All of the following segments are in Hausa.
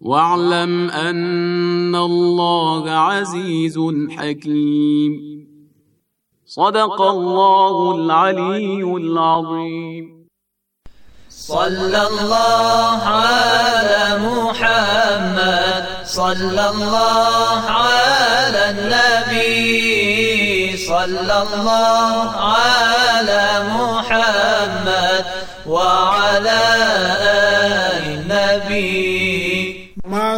واعلم ان الله عزيز حكيم صدق الله العلي العظيم صلى الله على محمد صلى الله على النبي صلى الله على محمد وعلى آله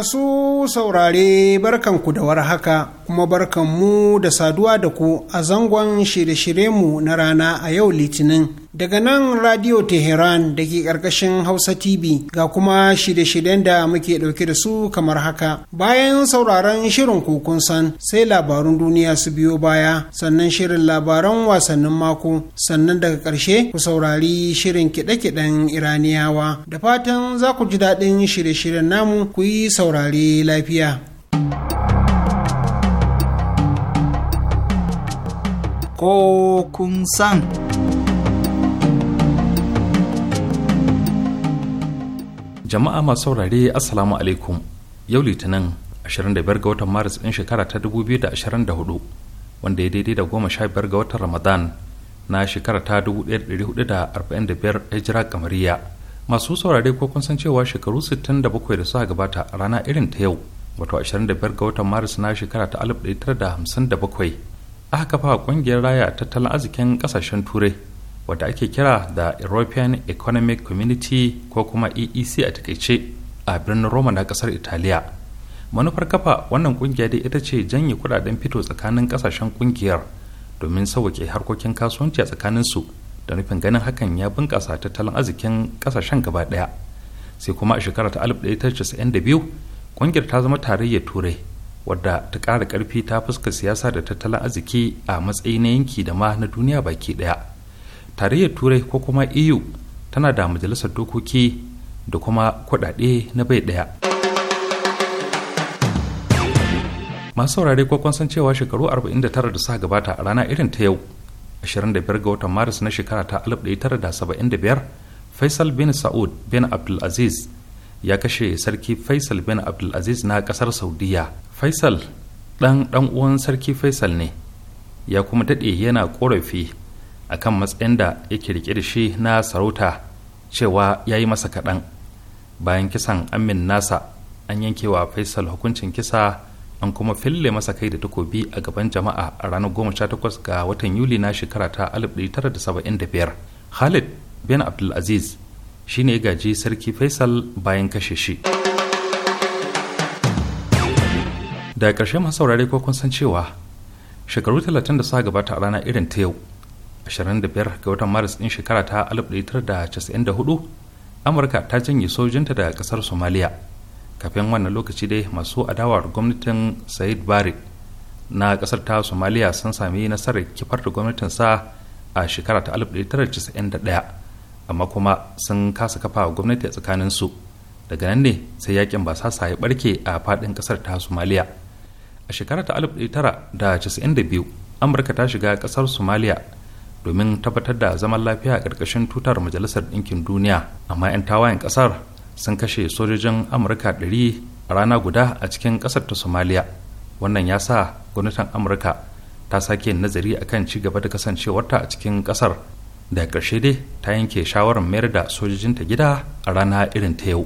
Masu saurare ku da haka kuma barkanmu da saduwa da ku a zangon shirye-shiryenmu na rana a yau Litinin. Daga nan Radio Teheran da ke ƙarƙashin Hausa TV ga kuma shirye-shiryen da muke ɗauke da su kamar haka. Bayan sauraron shirin kokun san sai labarun duniya su biyo baya, sannan shirin labaran wasannin mako, sannan daga ƙarshe ku saurari shirin kiɗe-kiɗen Iraniyawa. Da fatan za ku ji daɗin shirye-shiryen namu ku yi saurare lafiya. Ko kun san. jama'a masu saurare assalamu alaikum yau litinin 25 ga watan maris ɗin shekara ta 2024 wanda ya daidai da biyar ga watan ramadan na shekara ta 1445 hijira kamariya masu saurare ko kun san cewa shekaru 67 da suka gabata a rana irin ta yau wato 25 ga watan maris na shekara ta 1957 aka kafa kungiyar raya tattalin arzikin kasashen turai wadda ake kira da european economic community ko kuma eec a takaice a birnin roma na kasar italiya manufar kafa wannan kungiya dai ita ce janye kudaden fito tsakanin kasashen kungiyar domin sauke harkokin kasuwanci a tsakanin su da nufin ganin hakan ya bunkasa tattalin arzikin kasashen gaba daya sai kuma a shekara ta 1992 kungiyar ta zama tarayyar turai wadda ta ƙara ƙarfi ta fuska siyasa da tattalin arziki a matsayi na yanki da ma na duniya baki daya tarayyar turai ko kuma eu tana da majalisar dokoki da kuma kudade na bai daya. masu saurare ko kun san cewa shekaru 49 da suka gabata a rana irin ta yau 25 ga watan maris na shekara ta 1975 faisal bin sa'ud bin abdulaziz ya kashe sarki faisal bin abdulaziz na kasar saudiya faisal dan ɗan uwan sarki faisal ne ya kuma daɗe yana korafi. akan matsayin da yake rike da shi na sarauta cewa ya yi masa kaɗan bayan kisan amin nasa an yanke wa faisal hukuncin kisa an kuma fille masa kai da takobi a gaban jama'a a ranar 18 ga watan yuli na shekara ta 1975 khalid bin abdulaziz shi ne gaji sarki faisal bayan kashe shi da ƙarshe masu saurari ko kun san cewa shekaru talatin da suka gabata a rana irin ta yau 25 ga watan maris ɗin shekara ta 1994 amurka ta janye sojinta daga ƙasar somaliya kafin wannan lokaci dai masu adawar gwamnatin said bari na ƙasar ta somaliya sun sami nasarar kifar da gwamnatinsa a shekara ta 1991 amma kuma sun kasa kafa gwamnati a tsakaninsu daga nan ne sai yakin sa ya barke a faɗin ƙasar ta somaliya a shekara ta 1992 amurka ta shiga ƙasar somaliya domin tabbatar da zaman lafiya a ƙarƙashin tutar majalisar ɗinkin duniya amma 'yan tawayen ƙasar sun kashe sojojin amurka 100 a rana guda a cikin ƙasar ta somaliya wannan ya sa gwamnatin amurka ta sake nazari akan ci gaba da kasancewarta a cikin ƙasar da ƙarshe dai ta yanke shawarar mayar da sojojinta gida a rana irin ta yau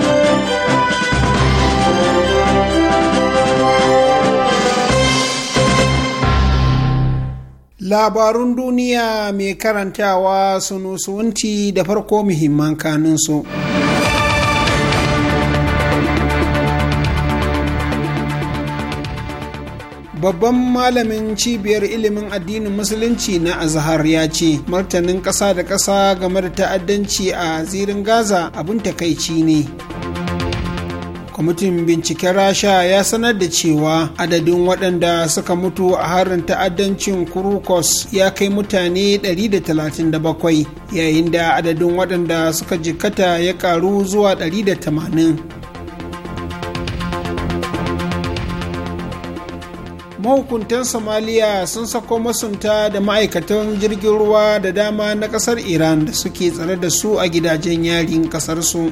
Labarun duniya mai karantawa su sunusunti da farko muhimman kanunsu. babban malamin cibiyar ilimin addinin musulunci na azhar ya ce martanin ƙasa da ƙasa game da ta'addanci a zirin gaza abin takaici ne kwamitin binciken rasha ya sanar da cewa adadin waɗanda suka mutu a harin ta'addancin kurukos ya kai mutane 137 yayin da adadin waɗanda suka jikata ya ƙaru zuwa 180 mahukuntan somaliya sun sako masunta da ma'aikatan jirgin ruwa da dama na kasar iran da suke tsare da su a gidajen yarin kasarsu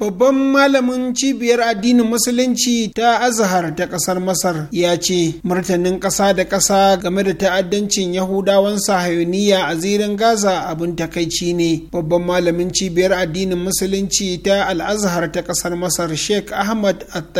babban malamin cibiyar addinin musulunci ta azhar ta ƙasar masar ya ce martanin ƙasa da ƙasa game da ta'addancin yahudawan sahayoniya a zirin gaza abin takaici ne babban malamin cibiyar addinin musulunci ta al'azhar ta ƙasar masar sheikh ahmad at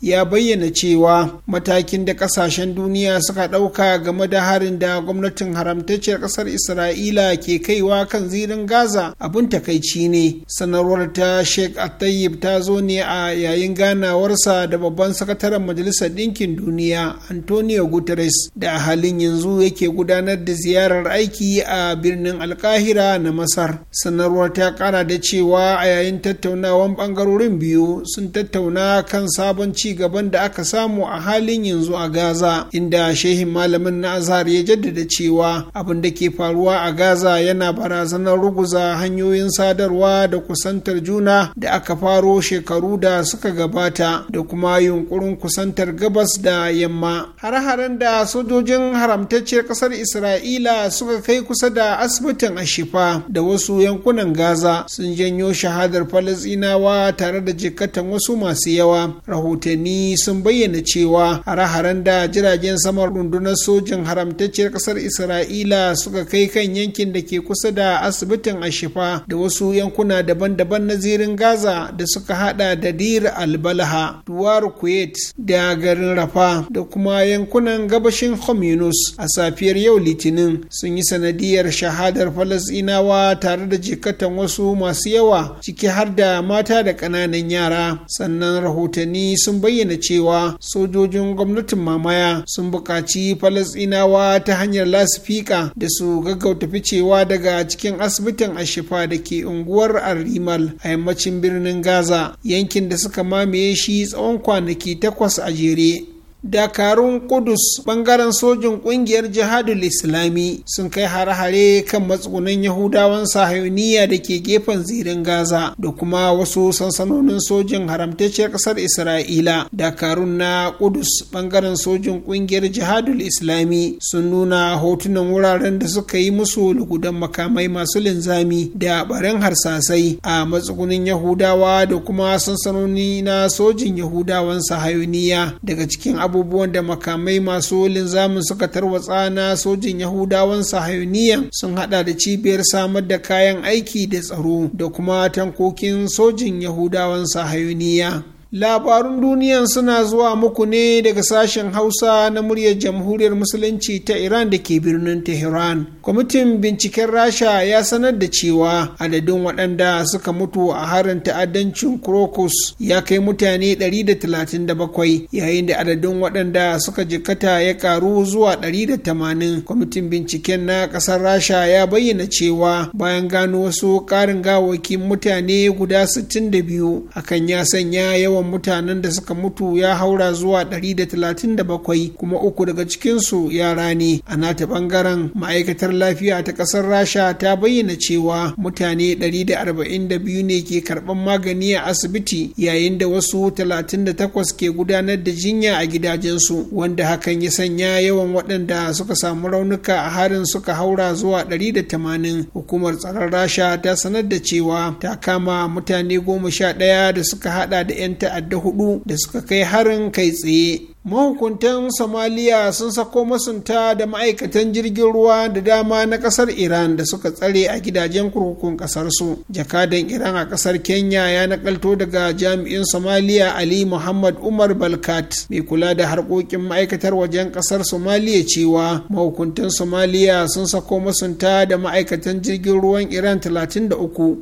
ya bayyana cewa matakin da ƙasashen duniya suka ɗauka game da harin da gwamnatin haramtacciyar ƙasar isra'ila ke kaiwa kan zirin gaza abin takaici ne sanarwar ta sheikh tayyib ta zo ne a yayin ganawarsa da babban sakataren majalisar ɗinkin duniya antonio guterres da a halin yanzu yake gudanar da ziyarar aiki a birnin alkahira na masar sanarwar ta kara da cewa a yayin tattaunawan ɓangarorin biyu sun tattauna kan sabon ci gaban da aka samu a halin yanzu a gaza inda shehin malamin na azhar ya jaddada cewa abin da ke faruwa a gaza yana barazanar ruguza hanyoyin sadarwa da kusantar juna da aka aka faro shekaru da suka gabata da kuma yunkurin kusantar gabas da yamma har-haren da sojojin haramtacciyar ƙasar isra'ila suka kai kusa da asibitin ashifa da wasu yankunan gaza sun janyo shahadar falasinawa tare da jikatan wasu masu yawa rahotanni sun bayyana cewa har-haren da jiragen saman rundunar sojin haramtacciyar ƙasar isra'ila suka kai kan yankin da ke kusa da asibitin ashifa da wasu yankuna daban-daban na zirin gaza da suka hada da dir albalha duwar kuwait da garin rafa da kuma yankunan gabashin hominus a safiyar yau litinin sun yi sanadiyar shahadar falasinawa tare da jikatan wasu masu yawa ciki har da mata da kananan yara sannan rahotanni sun bayyana cewa sojojin gwamnatin mamaya sun buƙaci falasinawa ta hanyar lasifika da su gaggauta ficewa daga cikin asibitin ashifa da ke unguwar arrimal a yammacin birnin birnin gaza yankin da suka mamaye shi tsawon kwanaki takwas a jere dakarun kudus bangaren sojin kungiyar jihadul islami sun kai hare-hare kan matsugunan yahudawan sahayuniya da ke gefen zirin gaza da kuma wasu sansanonin sojin haramtacciyar kasar isra'ila dakarun na kudus bangaren sojin kungiyar jihadul islami sun nuna hotunan wuraren da suka yi musu lugudan makamai masu linzami da barin harsasai a matsugunin yahudawa da kuma sansanoni na sojin yahudawan sahayuniya daga cikin abu abubuwan da makamai masu zamun suka tarwatsa na sojin yahudawan sahayuniya sun hada da cibiyar samar da kayan aiki da tsaro da kuma tankokin sojin yahudawan sahayuniya labarun duniyan suna zuwa muku ne daga sashen hausa na muryar jamhuriyar musulunci ta iran da ke birnin tehran kwamitin binciken rasha ya sanar da cewa adadin waɗanda suka mutu a harin ta'addancin crocus ya kai mutane 137 yayin da adadin waɗanda suka jikata ya karu zuwa 180 kwamitin binciken na ƙasar rasha ya bayyana cewa bayan gano wasu ƙarin gawakin mutane guda 62 akan ya sanya yawan yawan mutanen da suka mutu ya haura zuwa 137 kuma uku daga cikinsu yara ne a nata bangaren ma'aikatar lafiya ta ƙasar rasha ta bayyana cewa mutane 142 ne ke karɓar magani a asibiti yayin da wasu 38 ke gudanar da jinya a gidajensu wanda hakan ya sanya yawan waɗanda suka samu raunuka a harin suka haura zuwa 180 hukumar tsaron rasha ta sanar da cewa ta kama mutane goma sha ɗaya da suka hada da 'yan ta ta'adda hudu da suka kai harin kai tsaye mahukuntan somaliya sun sako masunta da ma'aikatan jirgin ruwa da dama na kasar iran da suka tsare a gidajen kurkukun kasarsu jakadan iran a kasar kenya ya nakalto daga jami'in somaliya ali muhammad umar balkat mai kula da harkokin ma'aikatar wajen kasar somaliya cewa mahukuntan somaliya sun sako masunta da ma'aikatan jirgin ruwan iran 33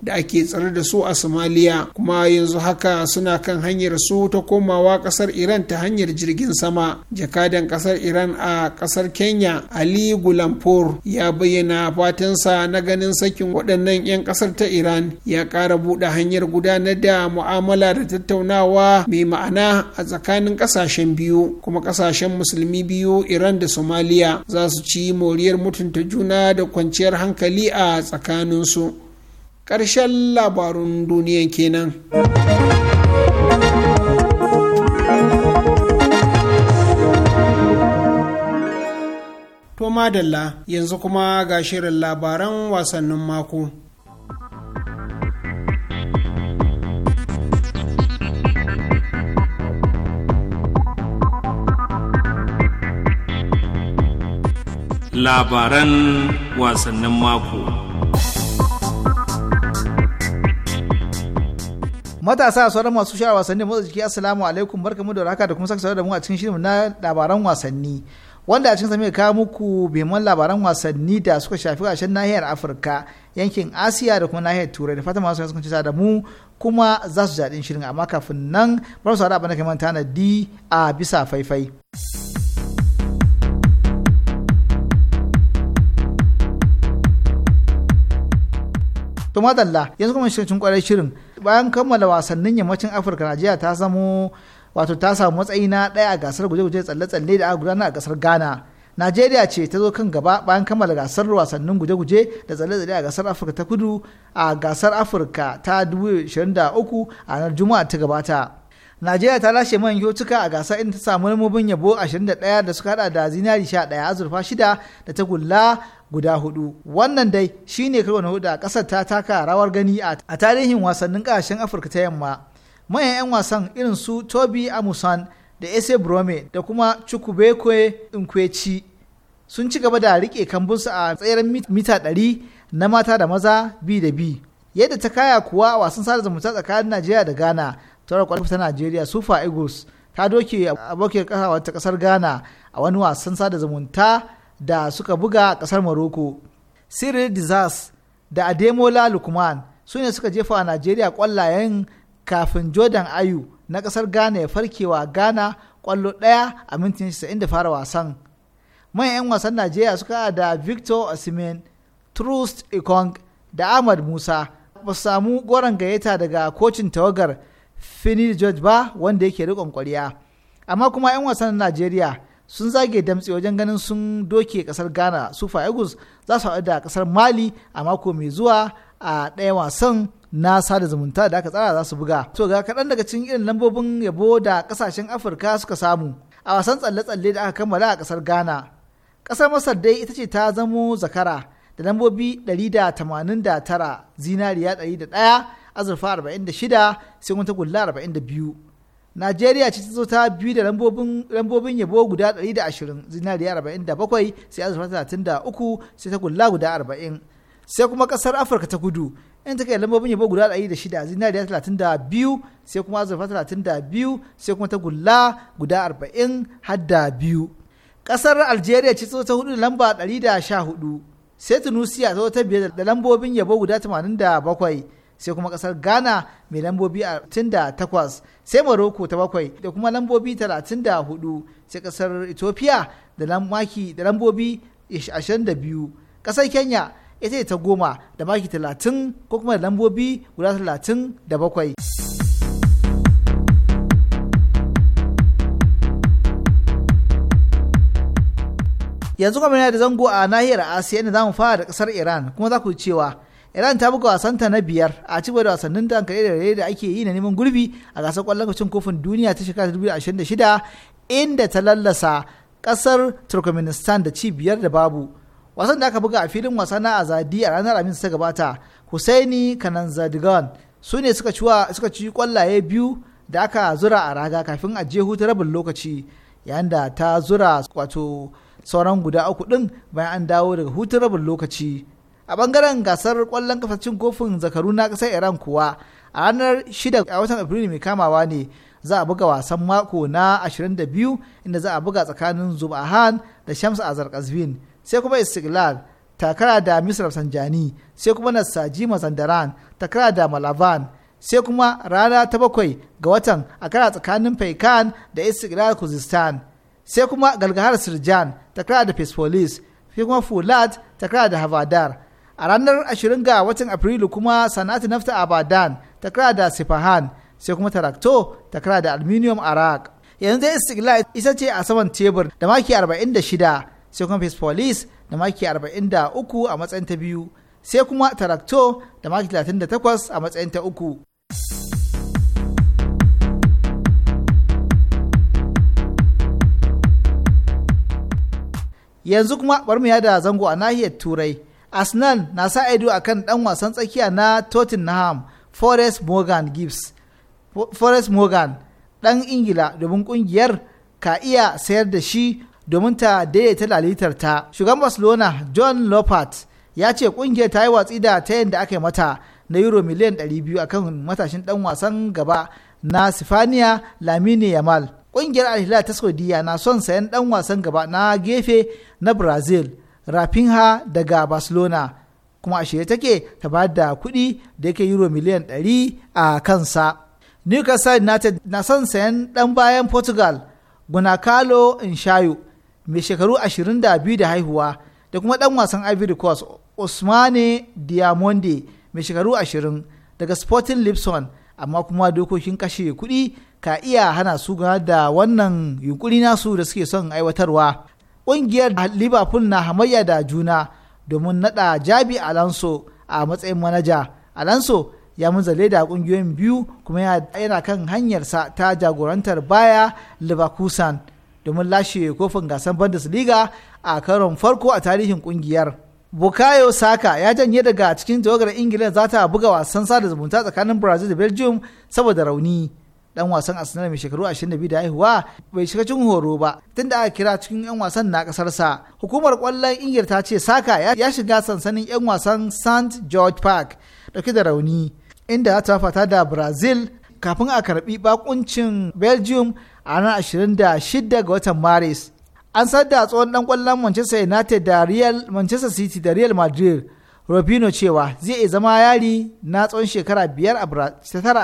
da ake tsare da su a somaliya kuma yanzu haka suna kan hanyar su ta komawa kasar iran ta hanyar jirgin sojojin sama jakadan kasar iran a kasar kenya ali gulampur ya bayyana fatansa na ganin sakin waɗannan 'yan kasar ta iran ya ƙara buɗe hanyar gudanar da mu'amala da tattaunawa mai ma'ana a tsakanin ƙasashen biyu kuma ƙasashen musulmi biyu iran da somaliya za su ci moriyar mutunta juna da kwanciyar hankali a tsakaninsu ƙarshen labarun duniya kenan. To madalla yanzu kuma ga shirin labaran wasannin mako. Labaran wasannin mako. matasa sauran masu sha wasanni motsa jiki assalamu alaikum barkamu da raka da kuma saka da mu a cikin shirin na labaran wasanni wanda a cikin zama ka kawo muku biman labaran wasanni da suka shafi ƙarshen nahiyar afirka yankin asiya da kuma nahiyar turai da fatan masu sun cuta da mu kuma za su jaɗin shirin amma kafin nan bar su haɗa abin da kamar tanadi a bisa faifai. to madalla yanzu kuma shirin kwarai shirin bayan kammala wasannin yammacin afirka najeriya ta zamo wato ta samu matsayi na ɗaya a gasar guje-guje tsalle-tsalle da aka gudana a gasar ghana najeriya ce ta zo kan gaba bayan kammala gasar wasannin guje-guje da tsalle-tsalle a gasar afirka ta kudu a gasar afirka ta 2023 a ranar juma'a ta gabata najeriya ta lashe man yotuka a gasar inda ta samu namobin yabo 21 da suka hada da zinari 11 azurfa 6 da tagulla guda hudu wannan dai shine karo na hudu a kasar ta taka rawar gani a tarihin wasannin kasashen afirka ta yamma manyan 'yan wasan irin su tobi amusan da ese brome da kuma chukwubekwe nkwechi sun ci gaba da rike kambunsu a tsayar mita 100 na mata da maza bi da bi yadda ta kaya kuwa a wasan sada zumunta tsakanin najeriya da ghana tare kwalifta ta najeriya super eagles ta doke abokin kasa ta kasar ghana a wani wasan sada zumunta da suka buga a kasar morocco cyril dizas da ademola lukman su ne suka jefa a najeriya kwallayen kafin jordan ayu na kasar ghana ya farkewa ghana kwallo ɗaya a mintin 90 da fara wasan manyan 'yan wasan najeriya suka da victor osimhen trust ikong da ahmad musa ba su samu goron gayyata daga kocin tawagar fini george ba wanda yake rikon kwariya amma kuma 'yan wasan najeriya sun zage damtse wajen ganin sun doke kasar ghana super eagles za su haɗu da kasar mali a mako mai zuwa a ɗaya wasan na sada zumunta da aka tsara za su buga to ga kaɗan daga cikin irin lambobin yabo da ƙasashen afirka suka samu a wasan tsalle-tsalle da aka kammala a ƙasar ghana ƙasar masar dai ita ce ta zamo zakara da lambobi 189 zinariya 101 azurfa 46 sai wata gulla 42 najeriya ce ta zo ta biyu da lambobin yabo guda 120 zinariya 47 sai azurfa 33 sai ta gulla guda 40 sai kuma kasar afirka ta kudu in ta kai lambobin yabo guda ɗari da shida zinariya talatin da biyu sai kuma azurfa talatin da biyu sai kuma ta gulla guda arba'in har da biyu kasar algeria ce ta hudu da lamba ɗari da sha hudu sai tunisia ta ta biyar da lambobin yabo guda tamanin da bakwai sai kuma kasar ghana mai lambobi arba'in da takwas sai morocco ta bakwai da kuma lambobi talatin da hudu sai kasar ethiopia da lambobi ashirin da biyu kasar kenya ita ta goma da maki talatin ko kuma da lambobi guda talatin da bakwai. yanzu kuma yana da zango a nahiyar asiya inda zamu fara da kasar iran kuma za ku cewa iran ta buga wasanta na biyar a cigaba da wasannin da hankali da ake yi na neman gurbi a gasar kwallon kacin kofin duniya ta shekara 2026 inda ta lallasa kasar turkmenistan da ci biyar da babu wasan da aka buga a filin wasa na azadi a ranar amin ta gabata husaini kanan zadigan su ne suka ci kwallaye biyu da aka zura a raga kafin a jehu ta rabin lokaci yayin da ta zura wato sauran guda uku din bayan an dawo daga hutun rabin lokaci a bangaren gasar kwallon kafacin kofin zakaru na kasar iran kuwa a ranar 6 a watan afrilu mai kamawa ne za a buga wasan mako na 22 inda za a buga tsakanin zubahan da shams azar kazvin sai kuma istiklal takara da misra sanjani sai kuma nasaji mazandaran takara da malavan sai kuma rana ta bakwai ga watan a kara tsakanin faikan da istiklal kuzistan sai kuma galgahar sirjan takara da fesfolis sai kuma fulat takara da havadar a ranar ashirin ga watan afrilu kuma sanatu nafta abadan takara da sifahan sai kuma tarakto takara da aluminium arak yanzu istiklal isa ce a saman tebur da maki 46 sai kuma police da maki 43 a matsayin ta biyu sai kuma tarakto da maki 38 a matsayin ta uku. yanzu kuma bari mu yada zango a nahiyar turai arsenal na sa ido a kan dan wasan tsakiya na tottenham forest morgan gibbs forest morgan dan ingila domin kungiyar ka iya sayar da shi domin ta daidaita lalitar ta shugaban barcelona john lopat ya ce kungiyar ta yi watsi da ta yin da aka yi mata na euro miliyan 200 akan matashin dan wasan gaba na sifaniya lamine yamal kungiyar alhila ta saudiya na son sayan dan wasan gaba na gefe na brazil rafinha daga barcelona kuma a shirye take ta ba da kuɗi da yake euro miliyan 100 a kansa newcastle united na son sayan dan bayan portugal gunakalo inshayo mai shekaru 22 da biyu da haihuwa da kuma ɗan wasan ivory coast usmane diamonde mai shekaru 20 daga sporting lipson amma kuma dokokin kashe kuɗi ka iya hana su da wannan yunkuri nasu da suke son aiwatarwa ƙungiyar liverpool na hamayya da juna domin nada jabi alonso a matsayin manaja alonso ya munzale da ƙungiyoyin biyu kuma yana kan hanyarsa ta jagorantar baya leverkusen domin lashe kofin gasan Bundesliga a karon farko a tarihin kungiyar. Bukayo Saka ya janye daga cikin tawagar Ingila za ta buga wasan sada zumunta tsakanin Brazil da Belgium saboda rauni. Dan wasan Arsenal mai shekaru 22 da haihuwa bai shiga cikin horo ba tunda aka kira cikin 'yan wasan na kasarsa. Hukumar kwallon Ingila ta ce Saka ya shiga sansanin 'yan wasan St. George Park dauke da rauni inda ta fata da Brazil kafin a karbi bakuncin belgium a ranar 26 ga watan maris an da tsohon dan kwallon manchester united da real manchester city da real madrid robino cewa zai iya zama yari na tsawon shekara biyar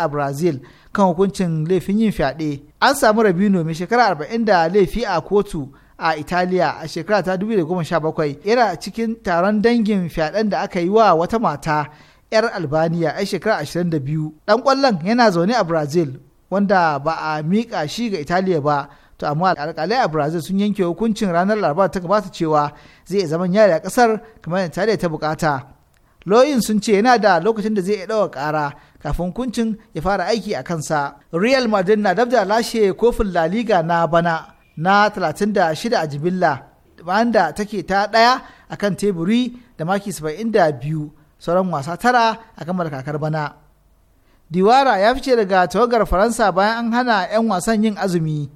a brazil kan hukuncin laifin yin fyaɗe an samu rabino mai shekara arba'in da laifi a kotu a italiya a shekara ta 2017 yana cikin taron dangin fyaɗen da aka yi wa wata mata 'yar albaniya a shekara 22 dan kwallon yana zaune a brazil wanda ba a miƙa shi ga italiya ba to amma alƙalai a brazil sun yanke hukuncin ranar laraba ta gabata cewa zai zaman yare a ƙasar kamar italiya ta bukata loyin sun ce yana da lokacin da zai iya ɗaukar ƙara kafin hukuncin ya fara aiki a kansa real madrid na dabda lashe kofin la liga na bana na 36 a jibilla bayan da take ta ɗaya akan teburi da maki 72 sauran wasa tara a kamar kakar bana diwara ya fice daga tawagar faransa bayan an hana 'yan wasan yin azumi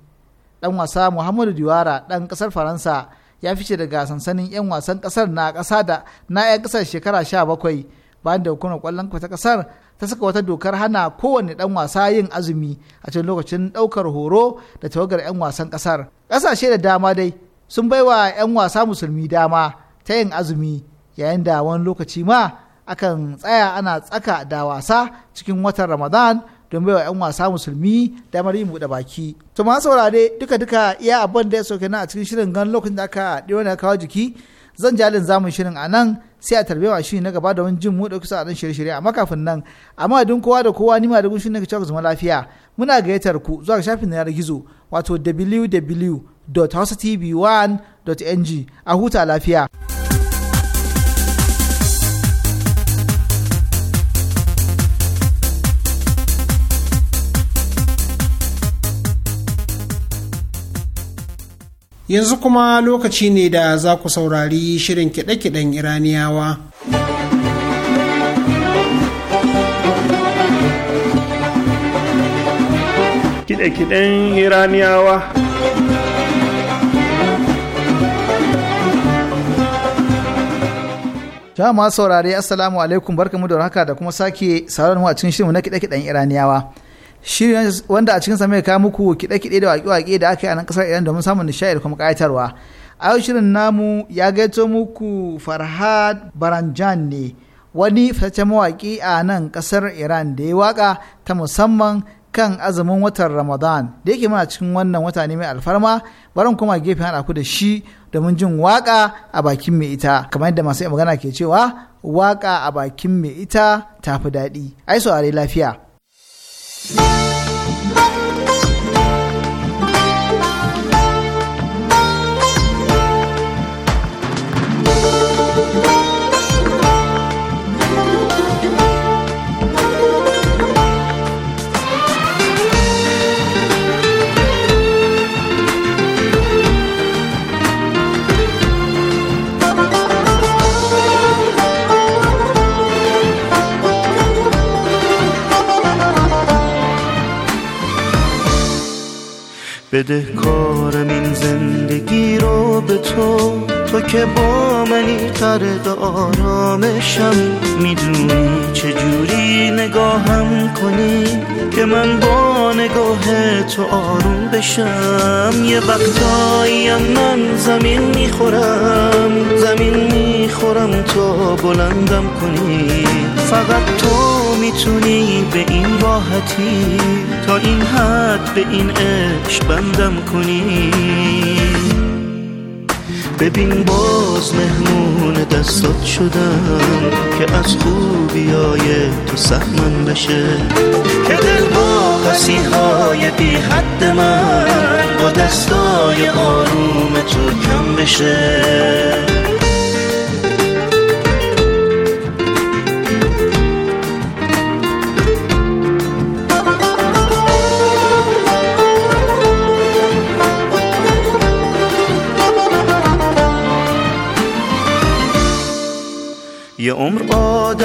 dan wasa muhammadu diwara dan kasar faransa ya fice daga sansanin 'yan wasan kasar na kasa da na 'yan kasar shekara bakwai bayan da hukumar kwallon ta kasar ta saka wata dokar hana kowane dan wasa yin azumi a cikin lokacin daukar horo da tawagar 'yan wasan kasar kasashe da dama dai sun baiwa 'yan wasa musulmi dama ta yin azumi yayin da wani lokaci ma akan tsaya ana tsaka da wasa cikin watan ramadan don baiwa 'yan wasa musulmi damar yin buɗe baki to ma saurare duka duka iya abin da ya sauke na a cikin shirin gan lokacin da aka ɗiyo na kawo jiki zan jalin zamun shirin a nan sai a tarbewa shi na gaba da wani jin mu ɗauki sa'adun shirye-shirye amma kafin nan amma don kowa da kowa ni ma da gushin nake cewa zama lafiya muna gayyatar ku zuwa ga shafin yanar gizo wato www.hausatv1.ng a huta lafiya. yanzu kuma lokaci ne da za ku saurari shirin kiɗe-kiɗen iraniyawa kiɗe-kiɗen iraniyawa Ta masu saurare Assalamu alaikum barkamu da haka da kuma sake sauran mu a cikin shirinmu na kiɗe-kiɗen Iraniyawa. shirya wanda a cikin sa mai muku kiɗe-kiɗe da waƙe-waƙe da aka yi a nan ƙasar Iran domin samun nishaɗi da kuma ƙayatarwa. A yau shirin namu ya gaito muku Farhad Baranjan ne wani fitaccen mawaƙi a nan ƙasar Iran da ya waƙa ta musamman kan azumin watan Ramadan da yake mana cikin wannan wata ne mai alfarma barin kuma gefe haɗa ku da shi domin jin waƙa a bakin mai ita kamar yadda masu magana ke cewa waƙa a bakin mai ita tafi daɗi ai saurari lafiya. Bye. بده کارم این زندگی رو به تو تو که با منی غرق آرامشم میدونی چجوری نگاهم کنی که من با نگاه تو آروم بشم یه وقتایی من زمین میخورم زمین میخورم تو بلندم کنی فقط تو میتونی به این راحتی تا این حد به این عشق بندم کنی ببین باز مهمون دستات شدم که از خوبیای تو سهمن بشه که دل با های بی حد من با دستای آروم تو کم بشه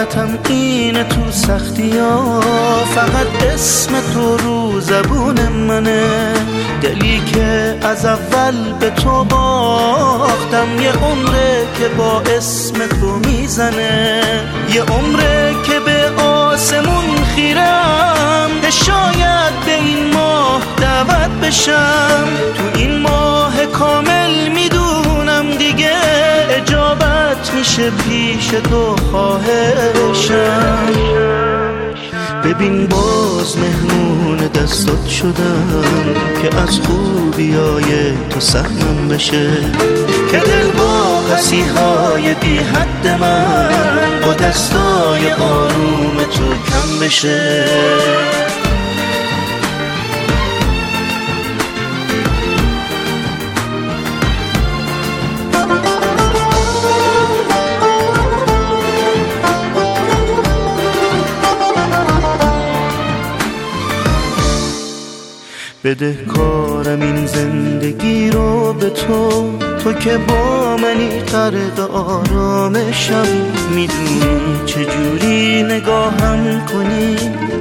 تم اینه تو سختی ها فقط اسم تو رو زبون منه دلی که از اول به تو باختم یه عمره که با اسم تو میزنه یه عمره که به آسمون خیرم که شاید به این ماه دعوت بشم تو این ماه کامل میدونم دیگه اجابت همیشه پیش تو خواهشم ببین باز مهمون دستات شدم که از خوبیای تو سهمم بشه که دل با های بی حد من با دستای آروم تو کم بشه بده کارم این زندگی رو به تو تو که با منی قرق آرامشم میدونی چجوری نگاهم کنی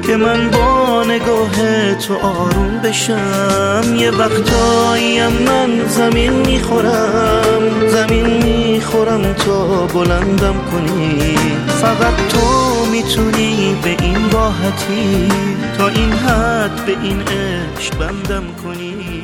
که من با نگاه تو آروم بشم یه وقتاییم من زمین میخورم زمین میخورم تا بلندم کنی فقط تو میتونی به این راحتی تا این حد به این عشق بندم کنی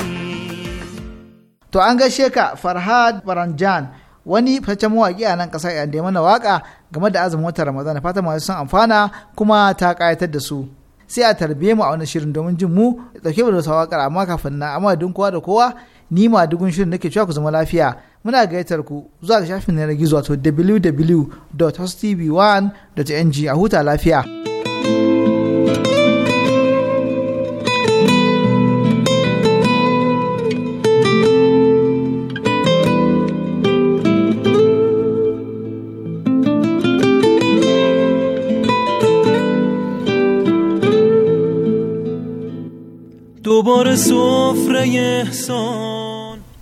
to an gaishe ka farhad baranjan wani fitaccen mawaƙi a nan ƙasa ya da mana waƙa game da azumin watan ramadan fata masu sun amfana kuma ta ƙayatar da su sai a tarbiye mu a wani shirin domin jin mu dauke mu da waƙar amma kafin na amma kowa da kowa ni ma dugun shirin nake cewa ku zama lafiya muna gayyatar ku zuwa ga shafin yanar gizo wato www.hostv1.ng a huta lafiya. دوباره سفره احسان